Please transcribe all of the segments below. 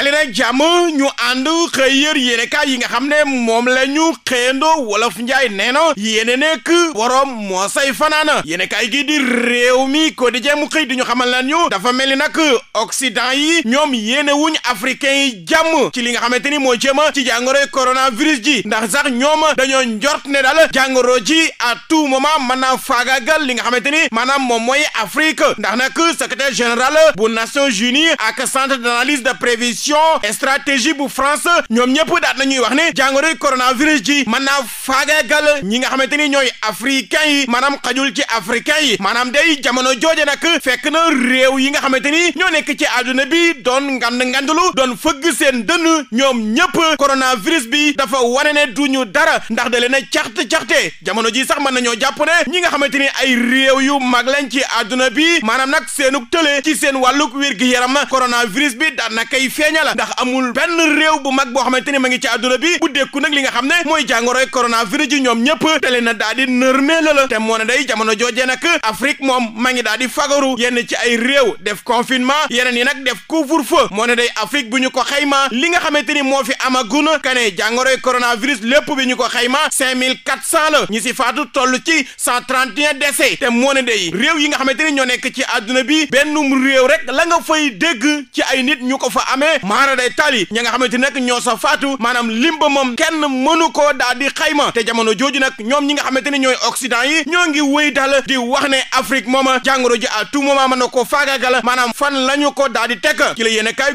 dali nag jàmm ñu ànd xëy yër ka yi nga xam ne moom la ñu xëyandoo wolof njaay nee na yéene nekk boroom moo say fanaana yéenekaay gi di réew mi quotidien mu xëy du ñu xamal lan ñu dafa mel ni nag Occident yi ñoom yéene wuñ africain yi jàmm ci li nga xamante ni moo jëma ci jàngoroy coronavirus ji ndax sax ñoom dañoo njort ne daal jàngoro ji à tout moment mën naa faagaagal li nga xamante ni maanaam moom mooy Afrique ndax nag secrétaire général bu Nations Unies ak centre d'analyse de prévision gestion stratégie bu France ñoom ñëpp daat na ñuy wax ne jàngoroy coronavirus ji mën naa faagaagal ñi nga xamante ni ñooy africain yi maanaam xajul ci africain yi maanaam dey jamono jooje nag fekk na réew yi nga xamante ni ñoo nekk ci àdduna bi doon ngand ngandlu doon fëgg seen dënn ñoom ñëpp coronavirus bi dafa wane ne duñu dara ndax da leen a caxte caxte jamono ji sax mën nañoo jàpp ne ñi nga xamante ni ay réew yu mag lañ ci àdduna bi maanaam nag seenug tële ci seen wàllug wér gi yaram ma coronavirus bi daan na kay feeña ña la ndax amul benn réew bu mag boo xamante ni ma ngi ci àdduna bi bu dékku nag li nga xam ne mooy jàngoroy coronavirus ji ñoom ñëpp tele na daal di nërmee la la te moo ne day jamono joojee nag Afrique moom ma ngi daal di fagaru yenn ci ay réew def confinement yeneen yi nag def couvre-feu moo ne day Afrique bu ñu ko xayma li nga xamante ni moo fi amaguna kane jàngoroy coronavirus lépp bi ñu ko xayma cinq mille quatre cent la ñi si faatu toll ci cent trente et un te moo ne day réew yi nga xamante ni ñoo nekk ci àdduna bi bennum réew rek la nga fay dégg ci ay nit ñu ko fa amee maara day tali ña nga xamante nag ñoo sa faatu maanaam limba moom kenn mënu koo daal di xayma te jamono jooju nag ñoom ñi nga xamante ni ñooy Occident yi ñoo ngi wéy dal di wax ne Afrique mooma jàngoro ji à tout moment mën na koo faagaagal maanaam fan la ko daal di tekk ci la yéen a kaay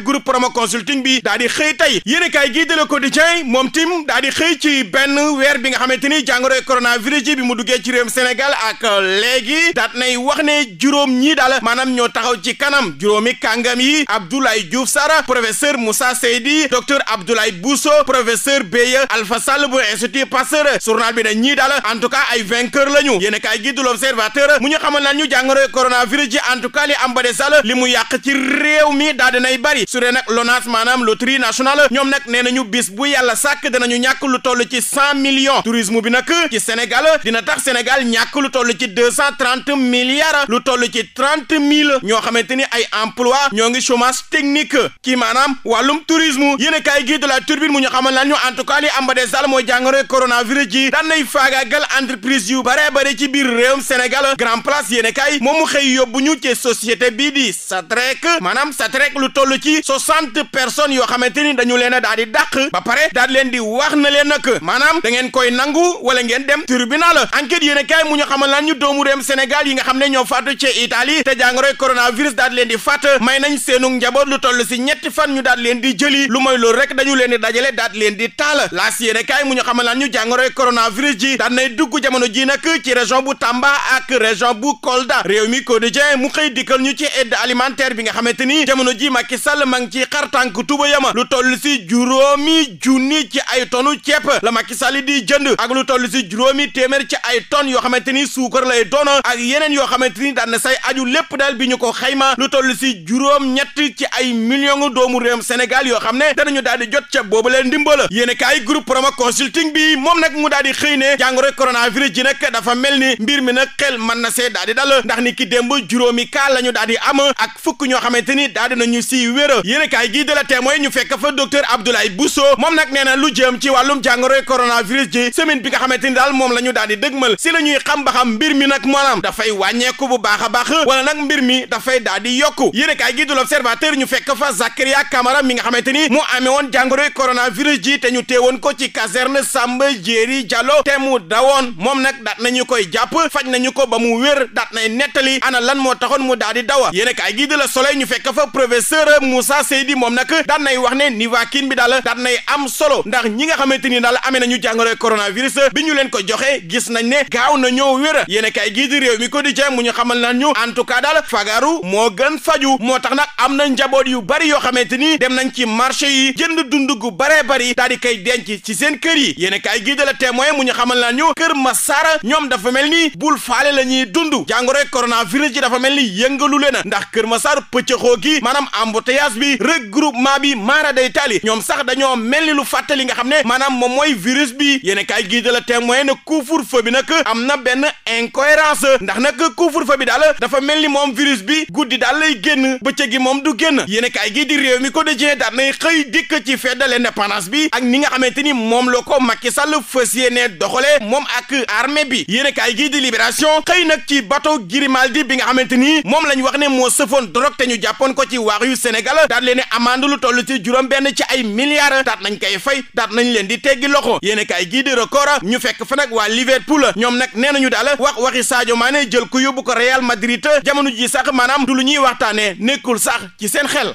consulting bi daal xëy tey yéen a kaay gii de Le moom tim daal di xëy ci benn weer bi nga xamante ni jàngoro coronavirus ji bi mu duggee ci réewum Sénégal ak léegi daat nay wax ne juróom ñii daal maanaam ñoo taxaw ci kanam juróomi kàngam yi Abdoulaye Diouf Sarr professeur professeur Moussa Seydi docteur Abdoulaye Bousso professeur Beye Alpha Sall bu institut Pasteur journal bi dañ ñii daal en tout cas ay vainqueur la ñu yéen a l'observateur mu ñu xamal naan ñu jàngoro coronavirus ji en li am ba des yàq ci réew mi daa dinay bari su dee nag LONASE maanaam loterie nationale ñoom nag nee nañu bis bu yàlla sàkk danañu ñàkk lu toll ci cent millions bi nag ci Sénégal dina tax Sénégal ñàkk lu toll ci deux lu toll ci ñoo xamante ni maanaam wàllum tourisme yéen a kaay gii de la turbine mu ñu xamal lan ñu en tout cas li am ba des daal mooy jàngoro entreprise yu bare bare ci biir réewum Sénégal grand place yéen a kaay moom mu xëy yóbbu ñu ci société bii di Satrec maanaam Satrec lu toll ci soixante personnes yoo xamante ni dañu leen a daal di dàq ba pare daal leen di wax na leen nag maanaam da ngeen koy nangu wala ngeen dem tribunal enquête yéen a kaay mu ñu xamal lan ñu doomu réewum Sénégal xam ne ñoo faatu ci Italie te jàngoro coronavirus daal lu toll si ñetti fan ñu daat leen di jëli lu mooy loolu rek dañu leen di dajale daat leen di taal laas yéene kaay mu ñu xamal laan ñu jàngoroy coronavirus ji daan nay dugg jamono ji nag ci région bu Tamba ak région bu Kolda réew mi quotidien mu xëy dikkal ñu ci aide alimentaire bi nga xamante ni jamono ji Macky Sall ma ngi ci xar tànk tuba yama lu toll si juróomi junni ci ay tonu ceeb la Macky Sall di jënd ak lu toll si juróomi téeméer ci ay tonnes yoo xamante ni suukar lay doon ak yeneen yoo xamante ni daan na say aju lépp daal bi ñu ko xayma lu toll si juróom ci ay millions doomu réewum Sénégal yoo xam ne danañu daal di jot ca boobu leen ndimbala yéene kaay groupe promo consulting bi moom nag mu daal xëy ne jàngoro coronavirus ji nag dafa mel ni mbir mi nag xel mën na see daal di dal ndax ni ki démb juróomi kaa la ñu daal am ak fukk ñoo xamante ni daal di nañu si wéra yéene kaay gii de la témoin ñu fekk fa docteur Abdoulaye Bousso moom nag nee na lu jëm ci wàllum jàngoro coronavirus ji semaine bi nga xamante ni daal moom la ñu ba xam mbir mi nag maanaam a baax Camara mi nga xamante ni mu amee woon jàngoroy ji te ñu teewoon ko ci caserne Samba Jéeri Diallo te mu dawoon moom nag daat nañu koy jàpp faj nañu ko ba mu wér daat nay nettali ana lan moo taxoon mu daal dawa yéen kaay gi la Soleil ñu fekk fa professeur Moussa Seydi moom nag daat nay wax ne Nivaquine bi daal daat nay am solo ndax ñi nga xamante ni daal amee nañu jàngoroy coronavirus bi ñu leen ko joxe gis nañ ne gaaw mi quotidien mu ñu xamal nañu en tout cas daal fagaru moo gën na njaboot yu bari yoo nii dem nañ ci marché yi jënd dund gu baree bari daal di koy denc ci seen kër yi yéen a kaay gii de la témoin mu ñu xamal naa ñu kër Massar ñoom dafa mel ni bul faale la ñuy dund jàngoroy coronavirus ji dafa mel ni yëngalu leen ndax kër Massar pëccëxoo gi maanaam embouteillage bi regroupement bi maara day taali ñoom sax dañoo mel ni lu fàttali nga xam ne maanaam moom mooy virus bi yéen a kaay gii de la témoin ne couvre-feu bi nag am na benn incohérence ndax nag couvre bi daal dafa mel ni moom virus bi guddi daal lay génn bëccëg gi moom du génn yéen a kaay Quotidien daal nay xëy dikk ci fête de l'indépendance bi ak ni nga xamante ni moom la ko Macky Sall fas yéene doxale moom ak armée bi yéen gii di libération xëy nag ci bateau Grimaldi bi nga xamante ni moom la ñu wax ne moo sëfoon drogue te ñu jàppoon ko ci waax yu Sénégal daat leen amande lu toll ci juróom benn ci ay milliards daat nañ koy fay daat nañ leen di teggi loxo yéen a gii di record ñu fekk fa nag waa Liverpool ñoom nag nee nañu daal wax waxi Sadio Mané jël ko yóbbu ko Real Madrid jamono ji sax maanaam lu ñuy waxtaanee nekkul sax ci seen xel